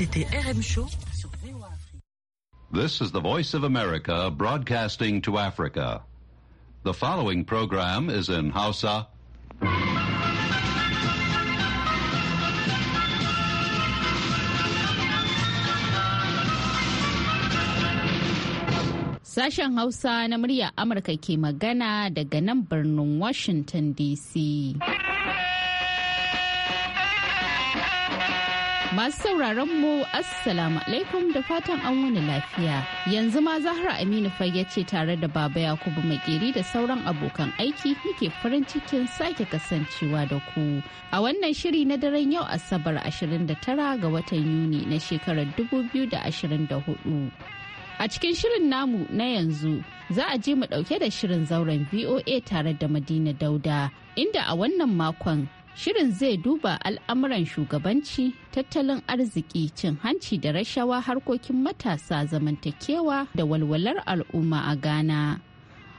C'était RM Show sur VOA Afrique. This is the Voice of America broadcasting to Africa. The following program is in Hausa. Sashen Hausa na murya Amurka ke magana daga nan birnin Washington DC. Masu sauraron mu Assalamu alaikum da fatan an wani lafiya. Yanzu ma Zahra Aminu fage ce tare da Baba Yakubu Makeri da sauran abokan aiki muke farin cikin sake kasancewa da ku. A wannan shiri na daren yau Asabar 29 ga watan Yuni na shekarar 2024. A cikin shirin namu na yanzu za a je mu dauke da shirin zauren VOA tare da Madina Dauda inda a wannan makon Shirin zai duba al'amuran shugabanci, tattalin arziki, cin hanci da rashawa harkokin matasa zamantakewa da walwalar al'umma a Ghana.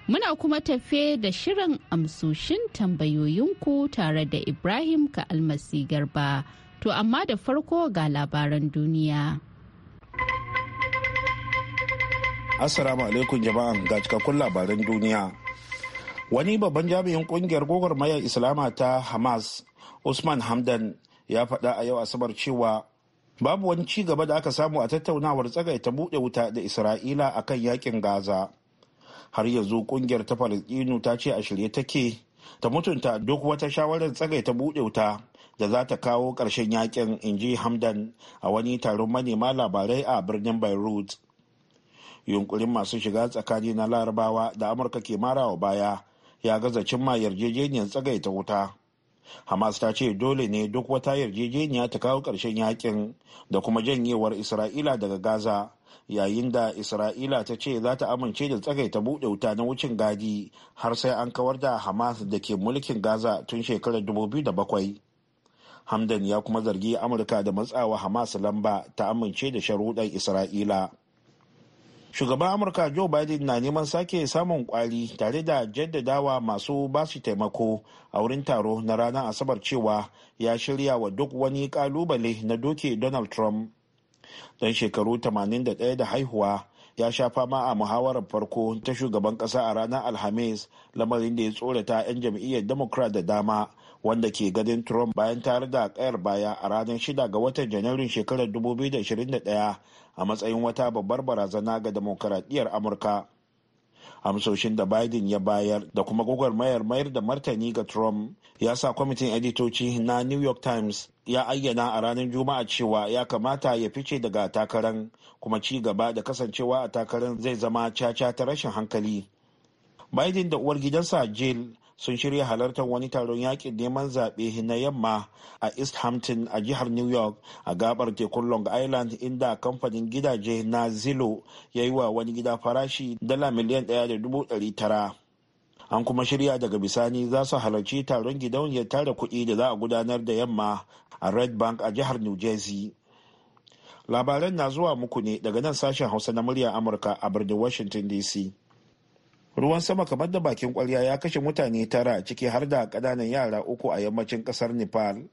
Muna kuma tafe da shirin amsoshin tambayoyinku tare da Ibrahim ka almasi garba. To amma da farko ga labaran duniya. Assalamu alaikum jama'an ga cikakkun labaran duniya. Wani babban jami'in kungiyar maya Islama ta Hamas usman hamdan ya faɗa a yau asabar cewa babu wani ci gaba da aka samu a tattaunawar tsagaita buɗe wuta da isra'ila a kan yakin gaza har yanzu ƙungiyar ta falastinu ta ce a shirye take ta mutunta duk wata shawarar tsagaita buɗe wuta da za ta kawo ƙarshen yakin inji hamdan a wani taron manema labarai a birnin beirut yunkurin masu shiga tsakani na larabawa da amurka ke marawa baya ya gaza cimma yarjejeniyar tsagaita wuta hamas ta ce dole ne duk wata yarjejeniya ta kawo ƙarshen yakin da kuma janyewar isra'ila daga gaza yayin da isra'ila ta ce za ta amince da tsagaita buɗe wuta na wucin gadi har sai an kawar da hamas da ke mulkin gaza tun shekarar 2007 hamdan ya kuma zargi amurka da matsawa hamas lamba ta amince da sharuɗan isra'ila shugaban amurka joe biden na neman sake samun kwari tare da jaddadawa masu basu taimako a wurin taro na ranar asabar cewa ya shirya wa duk wani kalubale na doke donald trump don shekaru 81 da haihuwa ya sha fama a muhawarar farko ta shugaban kasa a ranar alhamis lamarin da ya tsorata 'yan jam'iyyar democrat da dama wanda ke gadin Trump bayan tare da kayar baya a ranar 6 ga watan Janairun shekarar 2021 a matsayin wata babbar barazana ga demokaradiyyar Amurka. Amsoshin da Biden ya bayar da kuma gwagwarmayar mayar mayar da martani ga Trump ya sa kwamitin editoci na New York Times ya ayyana a ranar Juma'a cewa ya kamata ya fice daga takarar kuma ci gaba da kasancewa a takarar zai zama caca ta rashin hankali. Biden da uwar gidansa Jill sun shirya halartar wani taron yakin neman zaɓe na yamma a east hampton a jihar new york a gabar tekun long island inda kamfanin gidaje na zillow ya yi wa wani gida farashi dala miliyan ɗaya da dubu ɗari tara an kuma shirya daga bisani za su halarci taron gidauniyar tara kuɗi da za a gudanar da yamma a red bank a jihar new jersey labaran na zuwa muku ne daga nan sashen hausa na murya amurka a birnin washington dc ruwan sama kamar da bakin kwarya ya kashe mutane tara ciki har da ƙananan yara uku a yammacin kasar nepal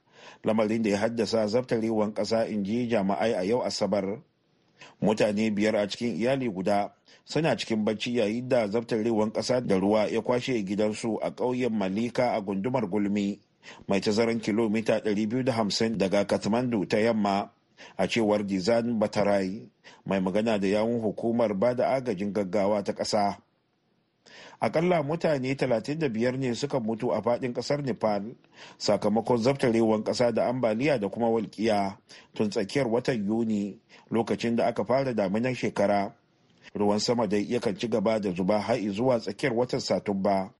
lamarin da ya haddasa zabtarewan kasa in ji jama'ai a yau asabar mutane biyar a cikin iyali guda suna cikin bacci yayin da zabtarewan kasa da ruwa ya kwashe gidansu a ƙauyen malika a gundumar gulmi mai tazaran kilomita 250 daga kathmandu ta yamma a cewar dizan batarai mai magana da yawun hukumar ba da agajin gaggawa ta ƙasa akalla mutane 35 ne suka mutu a fadin kasar nepal sakamakon zaftarewar kasa da ambaliya da kuma walƙiya tun tsakiyar watan yuni lokacin da aka fara daminar shekara ruwan sama da yakan ci gaba da zuba har zuwa tsakiyar watan satumba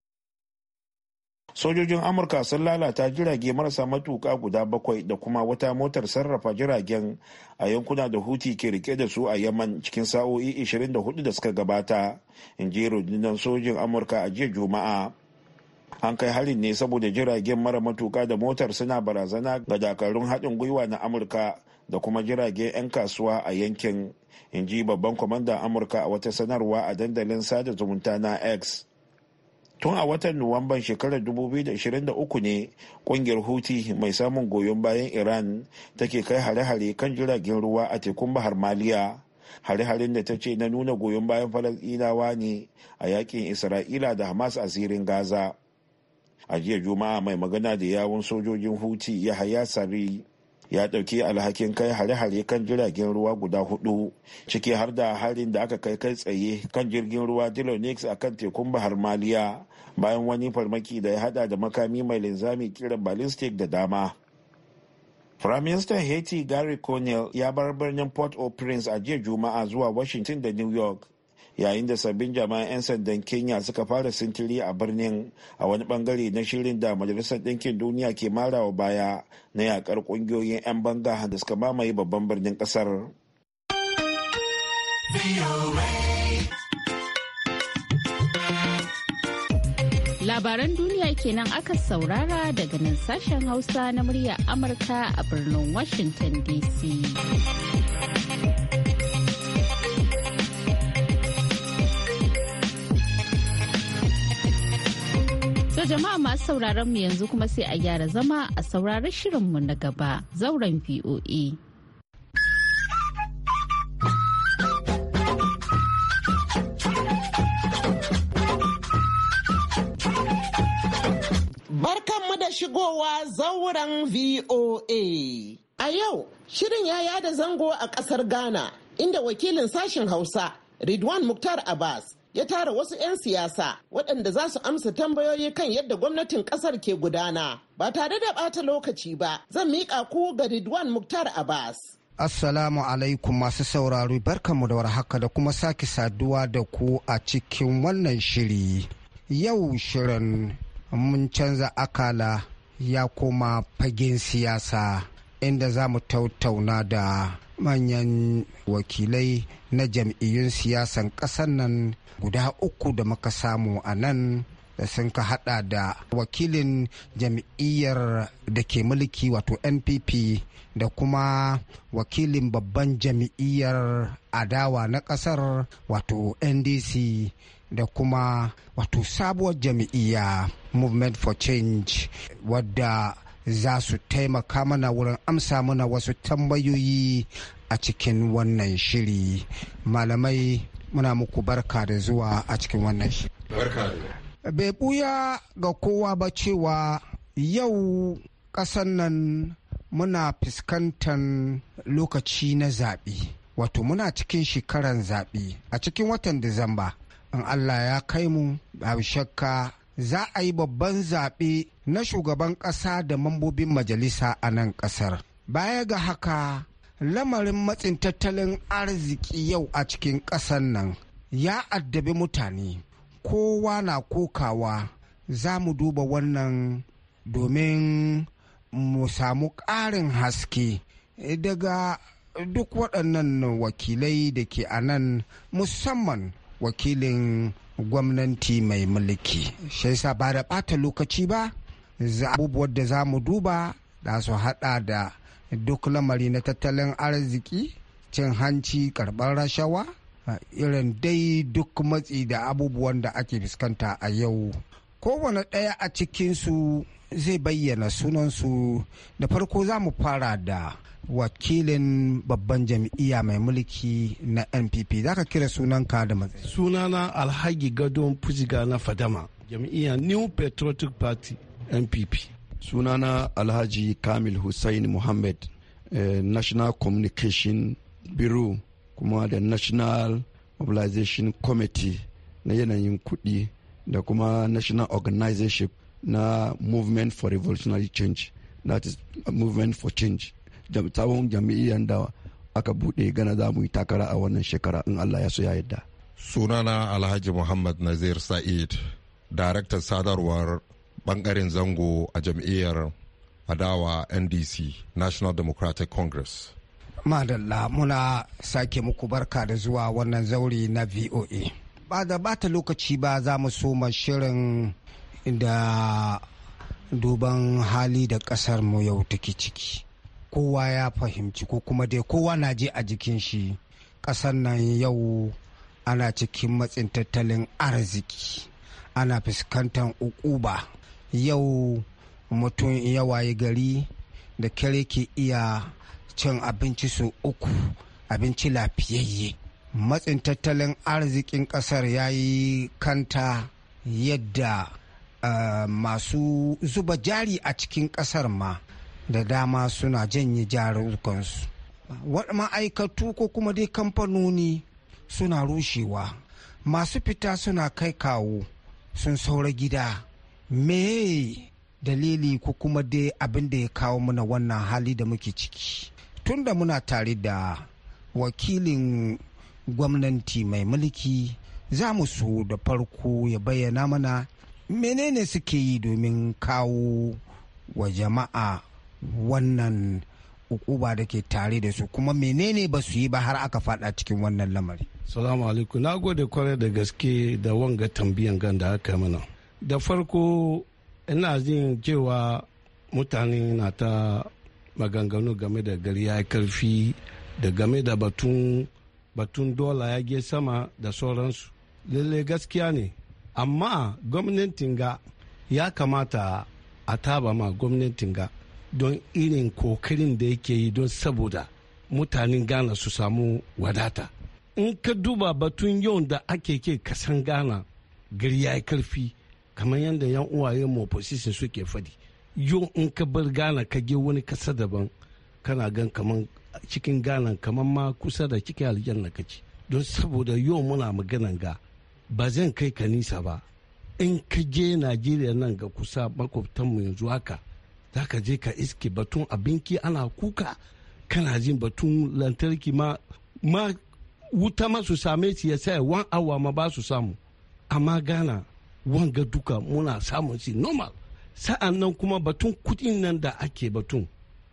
sojojin amurka sun lalata jirage marasa matuka guda bakwai da kuma wata motar sarrafa jiragen a yankuna da huti ke rike da su a yaman cikin sa'o'i 24 da suka gabata in ji rundunar sojin amurka a jiya juma'a an kai harin ne saboda jiragen mara matuka da motar suna barazana ga dakarun haɗin gwiwa na amurka da kuma jirage 'yan kasuwa a yankin in ji babban kwamandan amurka a wata sanarwa a dandalin sada zumunta na x tun a watan nuwamban shekarar 2023 ne kungiyar houthi mai samun goyon bayan iran take kai hare-hare kan jiragen ruwa a tekun bahar maliya hare-haren da ta ce na nuna goyon bayan falasɗinawa ne a yakin isra'ila da hamas a zirin gaza a jiya juma'a mai magana da yawon sojojin huti yahaya sari ya ɗauki alhakin kai hare-hare kan jiragen ruwa guda hudu ciki har da harin da aka kai kai tsaye kan jirgin ruwa dilonix a kan tekun bahar maliya bayan wani farmaki da ya hada da makami mai linzami kiran ballistic da dama Firaministan Haiti Gary Conil ya bar birnin Port-au-Prince a jiya Juma'a zuwa Washington da New York yayin da sabbin jama'an 'yan sandan Kenya suka fara sintiri a birnin a wani bangare na shirin da Majalisar Ɗinkin Duniya ke marawa baya na yakar kungiyoyin 'yan banga da suka mamaye babban birnin ƙasar. Labaran duniya kenan aka saurara daga nan sashen Hausa na murya Amurka a birnin Washington DC. To jama'a masu sauraron mu yanzu kuma sai a gyara zama a saurari shirinmu na gaba zauren VOA. shigowa zauren VOA. A yau, shirin ya yada zango a ƙasar Ghana, inda wakilin sashen Hausa, Ridwan Muktar Abbas, ya tara wasu 'yan siyasa waɗanda za su amsa tambayoyi kan yadda gwamnatin ƙasar ke gudana. Ba tare da ɓata lokaci ba, zan miƙa ku ga Ridwan Muktar Abbas. Assalamu alaikum masu sauraro barkanmu da warhaka da kuma sake saduwa da ku a cikin wannan shiri. Yau shirin mun canza akala ya koma fagen siyasa inda za mu tattauna da manyan wakilai na jam'iyyun siyasan ƙasar nan guda uku da muka samu a nan da sun ka hada da wakilin jam'iyyar da ke mulki wato npp da kuma wakilin babban jam'iyyar adawa na ƙasar wato ndc da kuma wato sabuwar jami'iyya movement for change wadda za su taimaka mana wurin amsa mana wasu tambayoyi a cikin wannan shiri malamai muna muku barka da zuwa a cikin wannan shiri bai buya ga kowa ba cewa yau ƙasan nan muna fuskantar lokaci na zaɓe wato muna cikin shekaran zaɓe a cikin watan disamba in allah ya kai mu babu shakka za a yi babban zaɓe na shugaban ƙasa da mambobin majalisa a nan ƙasar baya ga haka lamarin matsin tattalin arziki yau a cikin ƙasar nan ya addabi mutane kowa na kokawa za mu duba wannan domin mu samu ƙarin haske daga duk waɗannan wakilai da ke a nan musamman wakilin gwamnati mai mulki shi yasa ba da ɓata lokaci ba abubuwan da za mu duba da su hada da duk lamari na tattalin arziki cin hanci karɓar rashawa irin dai duk matsi da abubuwan da ake fuskanta a yau kowane ɗaya a cikinsu zai bayyana sunansu da farko za mu fara da wakilin babban jam'iyya mai mulki na npp za ka kira sunanka da matsayi sunana alhaji gadon fujiga na fadama jam'iyya new patriotic party npp sunana alhaji kamil hussein muhammad eh, national communication bureau kuma da national mobilization committee na yanayin kuɗi da kuma national organization na movement for revolutionary change that is movement for change sabon jam'iyyar da aka buɗe gana za mu yi takara a wannan shekara in Allah ya so ya yadda. Sunana Alhaji Muhammad Nazir Sa'id, daraktan sadarwar bangaren zango a jam'iyyar adawa NDC National Democratic Congress. Madalla muna sake muku barka da zuwa wannan zauri na VOA. Ba da bata lokaci ba za mu soma shirin da duban hali da kasar mu yau take ciki. kowa ya fahimci ko kuma dai kowa na je a jikin shi ƙasar nan yau ana cikin matsin tattalin arziki ana fuskantar ukuba yau mutum ya waye gari da kare ke iya cin abinci su uku abinci lafiyayye matsin tattalin arzikin ƙasar ya yi kanta yadda eh, masu zuba jari a cikin ƙasar ma da dama suna janye jarukansu ma'aikatu ko kuma dai kamfanoni suna rushewa masu fita suna kai kawo sun saura gida me dalili ko kuma dai abin da ya kawo mana wannan hali da muke ciki tunda muna tare da wakilin gwamnati mai mulki za mu so da farko ya bayyana mana menene suke yi domin kawo wa jama'a wannan ukuba da ke tare da su kuma menene ba su yi ba har aka fada cikin wannan lamari. Salamu alaikum na gode kwarai da gaske da wanga tambiyan gan da aka mana. Da farko ina jin cewa mutane na ta maganganu game da gari ya karfi da game da batun dola ya ge sama da sauransu. Lalle gaskiya ne amma gwamnatin ga ya kamata a taba ma gwamnatin ga don irin kokarin da yake yi don saboda mutanen Gana su samu wadata in ka duba batun yau da ake ke kasan ghana gari ya yi karfi kamar yadda yan uwaye mafosisin suke fadi yau in ka bar Gana ka ge wani kasa daban kana gan kamar cikin ghana kamar ma kusa da cikin aljanna ci. don saboda yau muna maganan ga ba zan kai ka nisa ba in ka je najeriya nan ga kusa makwabtanmu yanzu haka za ka je ka iske batun abinki ana kuka kana jin batun lantarki ma ma wuta ma su same shi ya saya wan awa ma ba su samu amma gana wanga duka muna samun shi normal sa'an nan kuma batun kudin nan da ake batun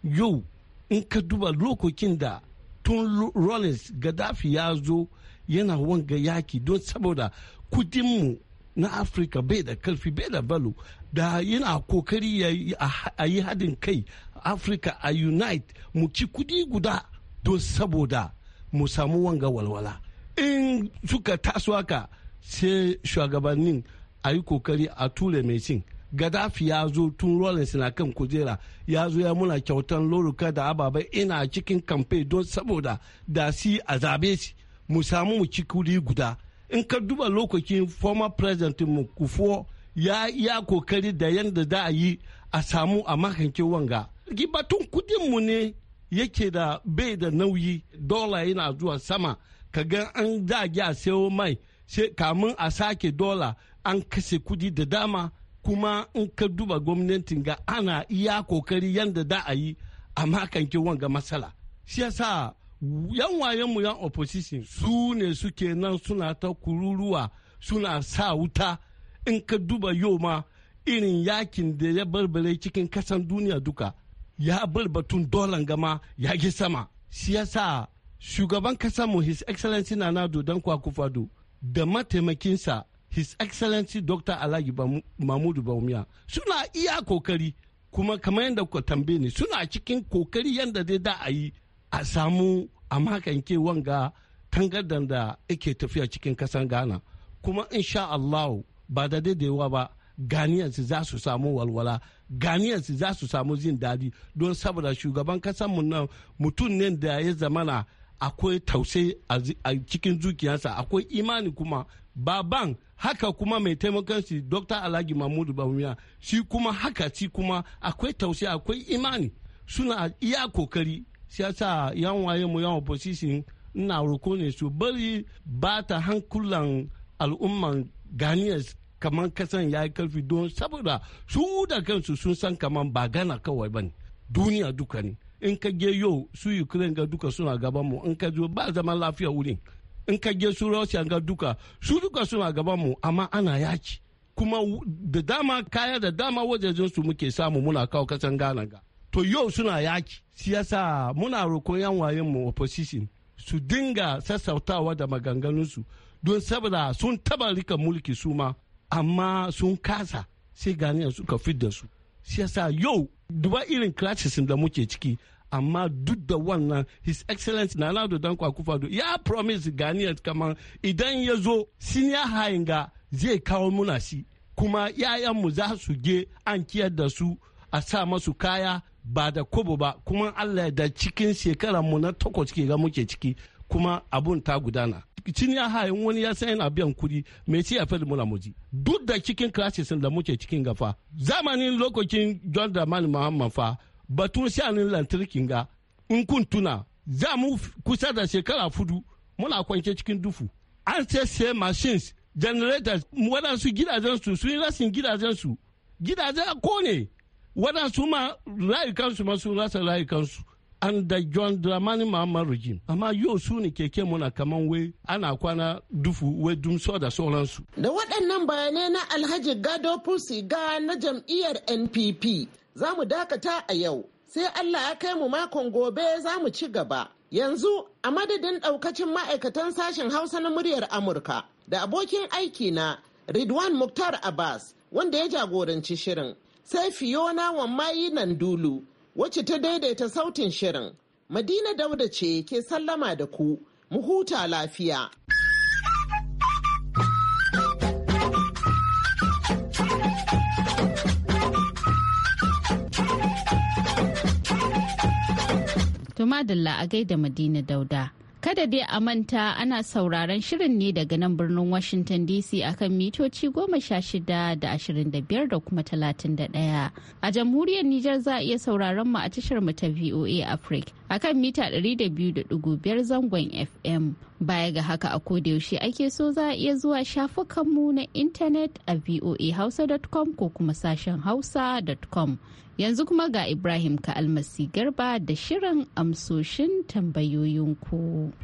yau in ka duba lokokin da tun rollins gaddafi ya zo yana wanga yaki don saboda kudinmu na afirka bai da karfi bai da balo da yana kokari a yi haɗin kai afirka a unite mu ci kudi guda don saboda mu samu wanga walwala in suka taso haka sai shugabannin a yi kokari a ture mai cin gaddafi ya zo tun rollins na kan kujera ya zo ya muna kyautan loruka da ababa ina cikin kamfe don saboda da si a zabe shi mu samu mu ci kudi guda in ka duba lokacin former president mu kufuwa ya iya kokari da yadda za a yi a samu a makance wanga batun kudinmu ne yake da bai da nauyi dola yana zuwa sama ka ga an zage a sayo mai kamun a sake dola an kashe kudi da dama kuma in ka duba gwamnatin ga ana iya kokari yadda da a yi a makance wanga matsala shi yasa yan wayenmu yan opposition su ne suke nan suna ta kururuwa suna sa wuta in ka duba yau ma irin yakin da ya barbare cikin kasan duniya duka ya barbatun dolan gama ya gi sama shi shugaban kasar mu his excellency nana dodon kwakufado da mataimakinsa his excellency dr alhaji mahmudu baumiya suna iya kokari kuma kamar yadda ku tambaye ni suna cikin kokari yadda dai da a yi a samu a makanke wanga tangardan da ake tafiya cikin kasan ghana kuma insha allahu ba da daidaiwa ba ganiyarsu za su samu walwala ganiyarsu za su samu jin daɗi don saboda shugaban mu nan mutum ne da ya zamana akwai tausayi a cikin zuciyarsa akwai imani kuma baban haka kuma mai taimakon shi dr alhaji mahmudu bamiya shi kuma haka shi kuma akwai tausayi akwai imani suna iya kokari shi yasa yan waye mu yan opposition ina roko ne su bari ba ta hankulan al'umman ganiyas kamar kasan ya yi karfi don saboda su da kansu sun san kamar ba gana kawai ba ne duniya duka ne in ka je yau su ukraine ga duka suna gaban mu in ka zo ba zaman lafiya wuri in ka je su russia ga duka su duka suna gaban mu amma ana yaki kuma da dama kaya da dama wajajen su muke samu muna kawo kasan gana ga to yau suna yaki siyasa muna roƙon yan wayen mu opposition su dinga sassautawa da maganganunsu su don saboda sun taba rika mulki su ma amma sun kasa sai yanzu suka fit da su shi yasa yau duba irin crisis da muke ciki amma duk da wannan his excellence na dan danko akufado ya promise ganiya kamar idan ya zo senior hayin ga zai kawo muna shi kuma mu za su ge an kiyar da su a sa masu kaya ba da kobo ba kuma allah da cikin mu na takwas ke ga muke ciki kuma abun ta gudana cini ya hayin wani ya san yana biyan kuɗi mai ci a fadi muna muji duk da cikin crisis da muke cikin gafa zamanin lokacin john dramani muhammad fa batun shanin lantarkin ga in kun tuna za mu kusa da shekara fudu muna kwance cikin dufu an sai machines generators waɗansu gidajensu sun yi rasin gidajensu gidajen ko ne waɗansu ma rayukansu ma sun rasa rayukansu under John Dramani Mahama regime. Amma yau su ne keke muna kaman wai ana kwana dufu wai dumso da sauransu. Da waɗannan bayanai na Alhaji Gado Pusiga na jam'iyyar NPP za mu dakata a yau. Sai Allah ya kai mu makon gobe za mu ci gaba. Yanzu a madadin ɗaukacin ma'aikatan sashen Hausa na muryar Amurka da abokin aiki na Ridwan Muktar Abbas wanda ya jagoranci shirin. Sai Fiona Wammayi dulu. wacce ta daidaita sautin shirin. Madina Dauda ce ke sallama da ku, mu huta lafiya. Tumadalla a gaida Madina Dauda. Kada dai a manta ana sauraron shirin ne daga nan birnin Washington DC akan mitoci goma sha shida da ashirin da biyar da kuma talatin da ɗaya. A jamhuriyar Nijar za a iya sauraron mu a tashar mu ta VOA Africa akan mita ɗari da biyu da ɗigo biyar zangon FM. Baya ga haka a yaushe ake so za a iya zuwa shafukanmu na intanet a voahausa.com ko kuma sashen hausa.com. Yanzu kuma ga Ibrahim ka almasi garba da shirin amsoshin tambayoyinku.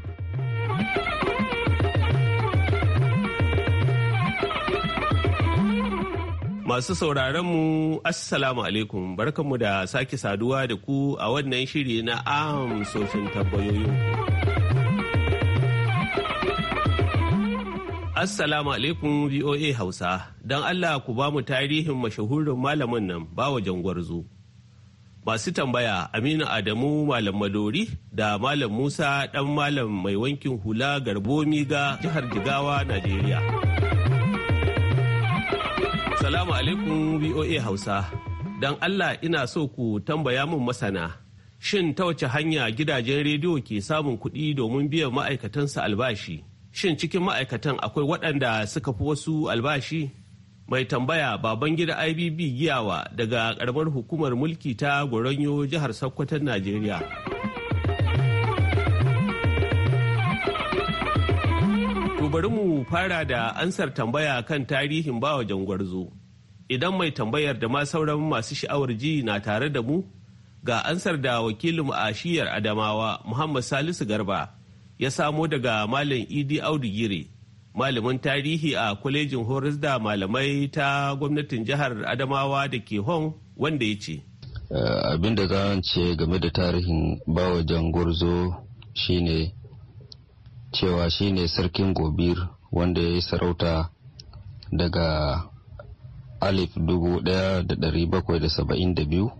Masu sauraron mu Assalamu alaikum barkanmu da sake saduwa da ku a wannan shiri na amsoshin tambayoyinku. Assalamu alaikum VOA Hausa, don Allah ku ba mu tarihin mashahurin malamin nan ba bawa jangwarzo. Masu tambaya Aminu Adamu Malam Madori da Malam Musa ɗan Malam mai wankin hula garbomi ga jihar Jigawa, Najeriya. Salamu alaikum VOA Hausa, don Allah ina so ku tambaya mun masana. Shin ta wace hanya gidajen rediyo ke samun kuɗi domin biyan ma'aikatansa albashi? shin cikin ma'aikatan akwai waɗanda suka fi wasu albashi mai tambaya baban gida ibb giyawa daga ƙaramar hukumar mulki ta goronyo jihar sokoton najeriya bari mu fara da ansar tambaya kan tarihin bawa jangwarzo idan mai tambayar da ma sauran masu sha'awar ji na tare da mu ga ansar da wakilin a shiyar adamawa muhammad salisu garba ya samo daga Malam Idi Audu Gire, malamin tarihi a kwalejin horis da malamai ta gwamnatin jihar Adamawa da ke Hon wanda ya ce. Eh, abin da za ce game da tarihin bawa gwarzo shine cewa shine sarkin gobir wanda ya yi sarauta daga alif dubu daya da dari bakwai da saba'in da biyu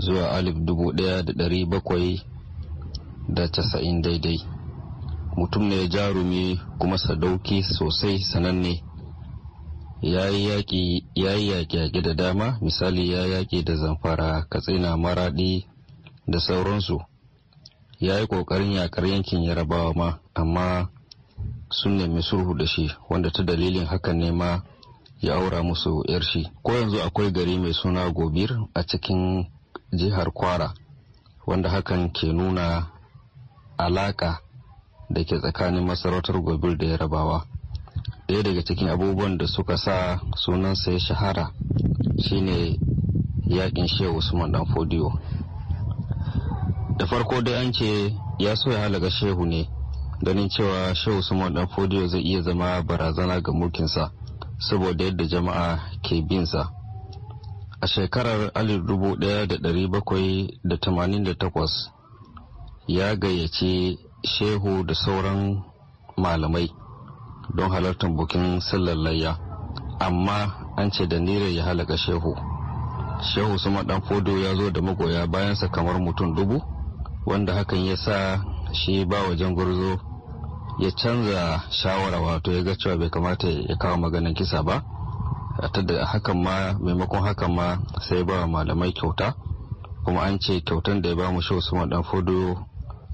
zuwa alif dubu daya da dari bakwai da casa'in daidai mutum ne jarumi kuma sadauki sosai sananne ya yi yaƙi da dama misali ya yaƙi da zamfara katsina maraɗi da sauransu ya yi ƙoƙarin yaƙar yankin yarabawa ma amma sun nemi sulhu da shi wanda ta dalilin hakan ne ma ya aura musu yar shi ko yanzu akwai gari mai suna gobir a cikin jihar kwara wanda hakan ke nuna alaka da ke tsakanin masarautar gobir da yarabawa ɗaya daga cikin abubuwan da suka sa sunansa ya shahara shine yakin shehu usman dan fodiyo da farko dai an ce ya so ya halaga shehu ne ganin cewa shehu usman dan fodiyo zai iya zama barazana ga mulkinsa saboda yadda jama'a ke binsa a shekarar 1788 ya gayyace. shehu da sauran malamai don halartar bukin sallar layya amma an ce da nira ya halaka shehu shehu su dan fodo ya zo da magoya bayansa kamar mutum dubu wanda hakan ya sa shi ba wajen gurzo ya canza shawara wato ya ga cewa bai kamata ya kawo maganin kisa ba ta da hakan ma maimakon hakan ma sai ba malamai kyauta kuma an ce kyautan da ya ba mu shehu su dan fodo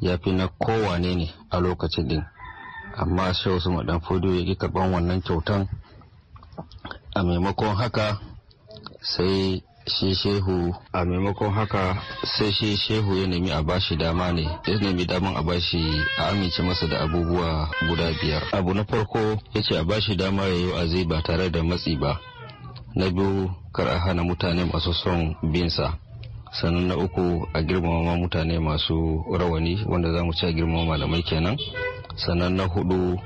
ya fi na kowane ne a lokacin din amma shi wasu maɗan fudu ya ƙi karɓan wannan kyautan a maimakon haka sai shi shehu a maimakon haka sai shi shehu ya nemi a bashi dama ne ya nemi daman a bashi a amince masa da abubuwa guda biyar abu na farko ya ce a bashi dama ya yi wa'azi ba tare da matsi ba na biyu kar a hana mutane masu son binsa sannan na uku a girmama mutane masu rawani wanda za mu ci a girmama malamai kenan sannan na hudu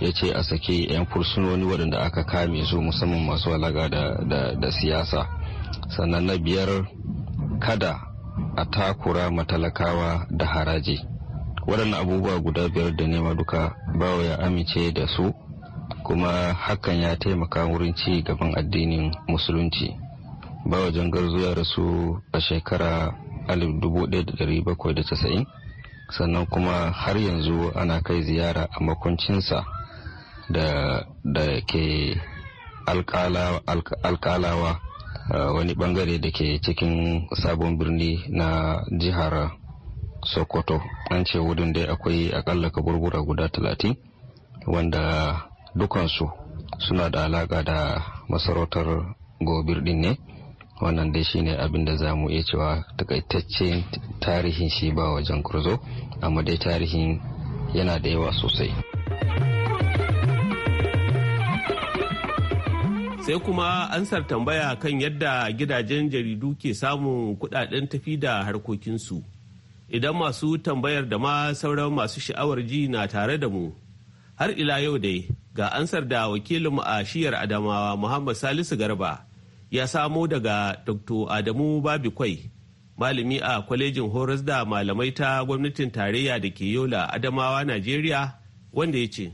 ya ce a sake 'yan fursunoni waɗanda aka kame su musamman masu alaƙa da siyasa sannan na biyar kada a takura matalakawa da haraji waɗannan abubuwa guda biyar da nema duka bawa ya amince da su kuma hakan ya taimaka wurin ci gaban addinin musulunci bawa jangarzo da su a shekara 1790 sannan kuma har yanzu ana kai ziyara a makuncinsa da ke alkalawa wani bangare da ke cikin sabon birni na jihar sokoto an ce wurin da akwai akalla kaburbura guda talatin wanda dukansu suna da alaka da masarautar gobir din ne wannan dai shine abin da za mu iya cewa takaitaccen tarihin shi ba wajen kurzo amma dai tarihin yana da yawa sosai sai kuma ansar tambaya kan yadda gidajen jaridu ke samun kudaden tafi da harkokinsu idan masu tambayar da ma sauran masu sha'awar ji na tare da mu har ila yau dai ga ansar da wakilinmu a shiyar adamawa muhammad salisu garba ya samo daga dr adamu babikwai malami a kwalejin horas da malamai ta gwamnatin tarayya da ke yola adamawa najeriya wanda ya ce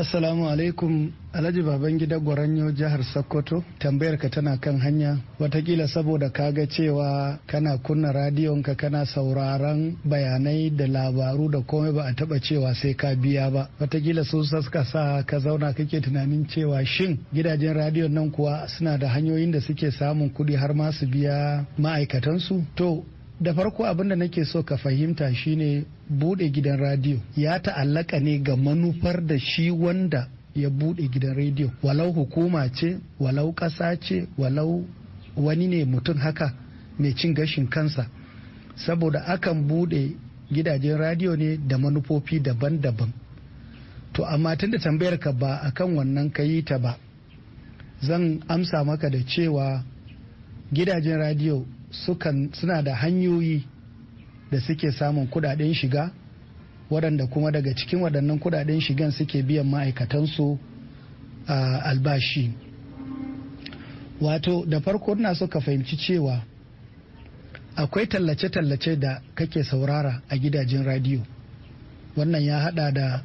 Assalamu alaikum Alhaji Babangida Gwaranyo jihar Sokoto tambayar ka tana kan hanya watakila saboda kaga cewa kana kunna radiyon ka kana sauraron bayanai da labaru da komai ba a taba cewa sai ka biya ba watakila sun saska sa ka zauna kake tunanin cewa shin gidajen radiyon nan kuwa suna da hanyoyin da suke samun kudi har ma su biya ma'aikatansu to da farko abin da nake so ka fahimta shine bude gidan radio ya ta'allaka ne ga manufar da shi wanda ya bude gidan radio walau hukuma ce walau ƙasa ce walau wani ne mutum haka mai cin gashin kansa saboda akan bude gidajen radio ne da manufofi daban-daban to amma tunda tambayar ka ba kan wannan kayi ta ba zan amsa maka da cewa gidajen radio. suna da hanyoyi da suke samun kudaden shiga waɗanda kuma daga cikin waɗannan kudaden shigan suke biyan ma'aikatansu a albashi wato da farko na suka fahimci cewa akwai tallace-tallace da kake saurara a gidajen radio wannan ya hada da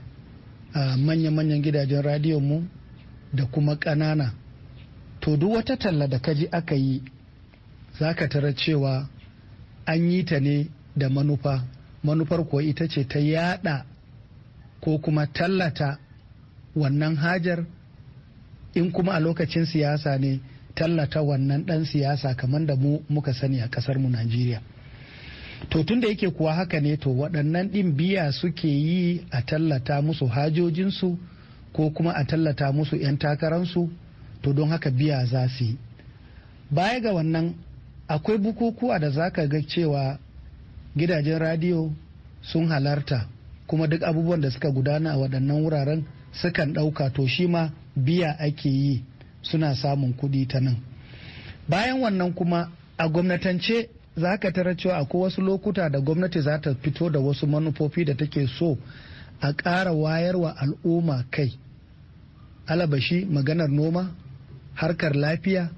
manya-manyan gidajen radio mu da kuma ƙanana to duk wata talla da kaji aka yi za ka tara cewa an yi ta ne da manufa manufar kuwa ita ce ta yada ko kuma tallata wannan hajar in kuma a lokacin siyasa ne tallata wannan dan siyasa kamar da mu muka sani a kasar mu Najeriya. To tun da yake kuwa haka ne to waɗannan ɗin biya suke yi a tallata musu hajojinsu ko kuma a tallata musu 'yan takararsu to don haka biya za su yi. Baya ga wannan akwai bukukuwa da zaka ga cewa gidajen radio sun halarta kuma duk abubuwan da suka gudana a waɗannan wuraren sukan ɗauka to shi ma biya ake yi suna samun kuɗi ta nan bayan wannan kuma a gwamnatance za ka tara cewa akwai wasu lokuta da gwamnati za ta fito da wasu manufofi da take so a ƙara wayarwa al'umma kai alabashi maganar noma harkar lafiya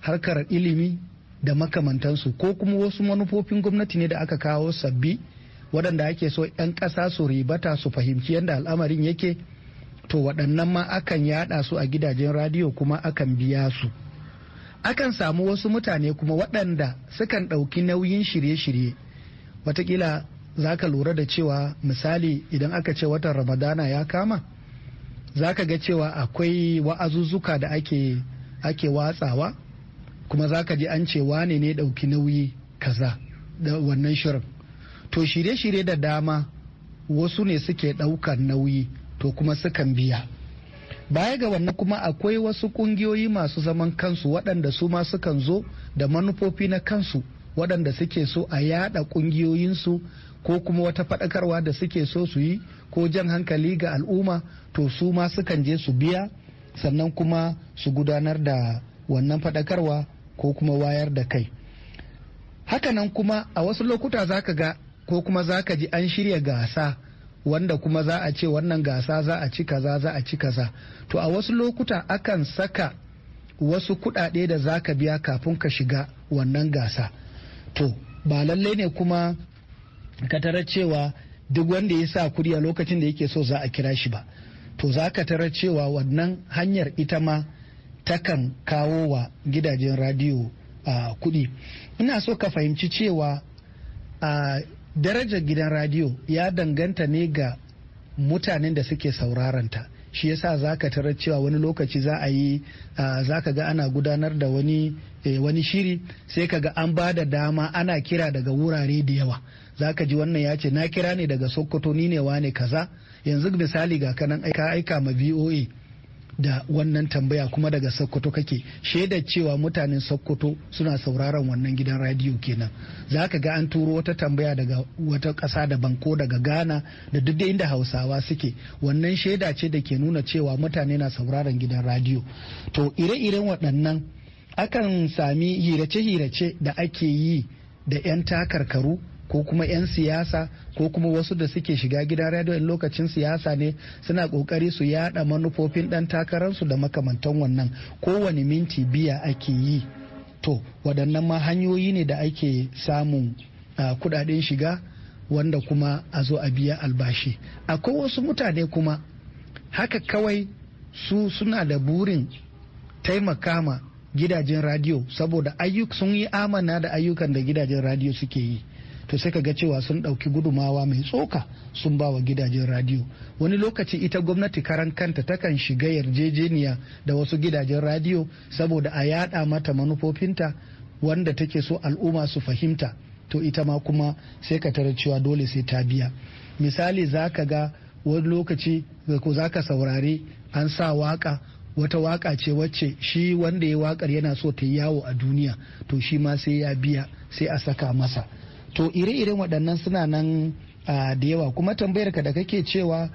harkar ilimi da makamantansu ko kuma wasu manufofin gwamnati ne da aka kawo sabbi waɗanda ake so 'yan ƙasa su ribata su fahimci yadda al'amarin yake to waɗannan ma akan yaɗa su a gidajen radiyo kuma akan biya su akan samu wasu mutane kuma waɗanda sukan ɗauki nauyin shirye-shirye watakila za ka lura da cewa misali idan aka ce watan ramadana ya kama za ka ga cewa akwai wa'azuzzuka da ake, ake watsawa kuma za ka ji an ce wane ne ɗauki nauyi kaza da wannan shirin to shirye-shirye da dama wasu ne suke ɗaukar nauyi to kuma sukan biya baya ga wannan kuma akwai wasu ƙungiyoyi masu zaman kansu waɗanda su ma sukan zo da manufofi na kansu waɗanda suke so a yada kungiyoyinsu ko kuma wata faɗakarwa da suke so su yi ko jan hankali ga al'umma to su ma sukan je su biya sannan kuma su gudanar da wannan faɗakarwa ko kuma wayar da kai hakanan kuma a wasu lokuta za ka ga ko kuma za ka ji an shirya gasa wanda kuma za a ce wannan gasa za a ci kaza za a ci kaza to a wasu lokuta akan saka wasu kuɗaɗe da za ka biya kafin ka shiga wannan gasa to ba lallai ne kuma ka tarar cewa duk wanda ya sa kuɗi a lokacin da yake so za a kira shi ba to za ka tarar cewa wannan hanyar ita ma takan kawo wa gidajen radiyo a kuɗi ina so ka fahimci cewa a darajar gidan radiyo ya danganta ne ga mutanen da suke sauraranta shi yasa za ka tarar cewa wani lokaci za a yi za ka ga ana gudanar da wani eh, wani shiri sai ka ga an ba da dama ana kira daga wurare da yawa za ka ji wannan ya ce na kira ne daga sokoto ni ne wa ne kaza yanzu misali ga kanan aika aika ma voa da wannan tambaya kuma daga sokoto kake shaida cewa mutanen sokoto suna sauraron wannan gidan radiyo kenan za ka ga an turo wata tambaya daga wata ƙasa daban ko daga ghana da duk inda hausawa suke wannan shaida ce da ke nuna cewa mutane na sauraron gidan radiyo to ire-iren waɗannan akan sami hirace-hirace da ake yi da 'yan takarkaru ko kuma 'yan siyasa ko kuma wasu da suke shiga gidan radio in lokacin siyasa ne suna kokari su yada manufofin dan takararsu da makamantan wannan kowane minti biya ake yi to waɗannan ma hanyoyi ne da ake samun uh, kudaden shiga wanda kuma a zo a biya albashi akwai wasu mutane kuma haka kawai su suna da burin taimakama gidajen radio saboda ayyuk sun yi amana da ayyukan da gidajen radio suke yi to sai ka ga cewa sun ɗauki gudumawa mai tsoka sun ba wa gidajen radio wani lokaci ita gwamnati karan kanta takan shiga yarjejeniya da wasu gidajen radio saboda a yada mata manufofinta wanda take so al'umma su fahimta to ita ma kuma sai ka tarar cewa dole sai ta biya misali za ka ga wani lokaci ko za ka saurari an sa waka wata waka ce wacce shi wanda ya wakar yana so ta yawo a duniya to shi ma sai ya biya sai a saka masa to ire-iren waɗannan suna nan da yawa kuma tambayar ka da kake cewa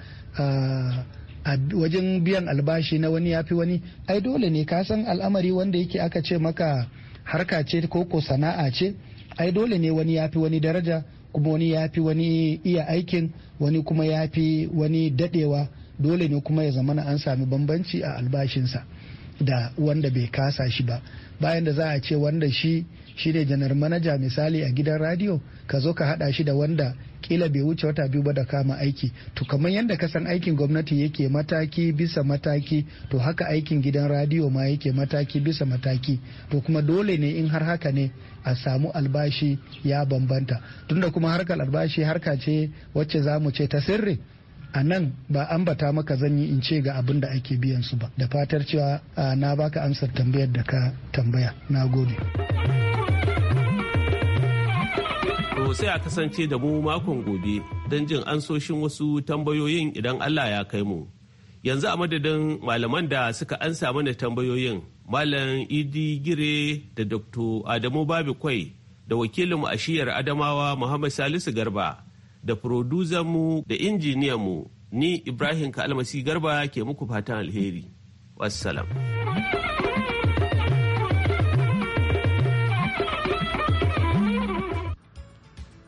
a wajen biyan albashi na wani yafi wani ai dole ne ka san al'amari wanda yake aka ce maka harka ce ko sana'a ce ai dole ne wani yafi wani daraja kuma wani yafi wani iya aikin wani kuma yafi wani dadewa dole ne kuma ya zamana an sami bambanci a albashinsa da wanda bai kasa shi ba bayan da za a ce wanda shi shi ne janar manaja misali a gidan radio ka zo ka hada shi da wanda kila bai wuce wata biyu ba da kama aiki to kamar yadda ka san aikin gwamnati yake mataki bisa mataki to haka aikin gidan radio ma yake mataki bisa mataki to kuma dole ne in har haka ne a samu albashi ya bambanta tunda kuma harkar albashi harka ce wacce za mu ce ta sirri a nan ba ambata maka zanyi in ce ga abin da ake biyan su ba da fatar cewa na baka amsar tambayar da ka tambaya na gode sai a kasance da mu makon gobe don jin ansoshin wasu tambayoyin idan allah ya kai mu yanzu a madadin malaman da suka ansa mana tambayoyin malam idi gire da dr adamu babikwai da wakilinmu a shiyar adamawa muhammad salisu garba da mu da mu ni Ibrahim Kalmasi Garba ke muku fatan alheri. Wassalam.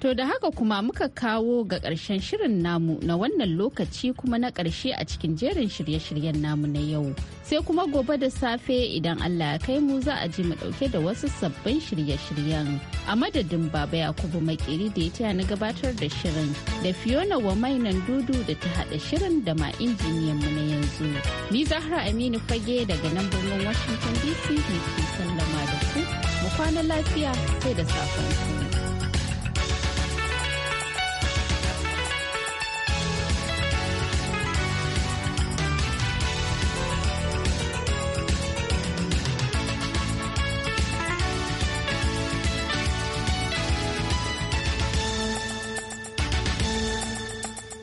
To da haka kuma muka kawo ga ƙarshen shirin namu na wannan lokaci kuma na ƙarshe a cikin jerin shirye-shiryen namu na yau. Sai kuma gobe da safe idan Allah ya kai mu za a ji mu ɗauke da wasu sabbin shirye-shiryen. A madadin Baba Yakubu Makeri da ya taya na gabatar da shirin da Fiona wa mainan dudu da ta haɗa shirin da ma injiniyan mu na yanzu. Ni Zahra Aminu Fage daga nan birnin Washington DC ne ke sallama da ku. Mu kwana lafiya sai da safen ku.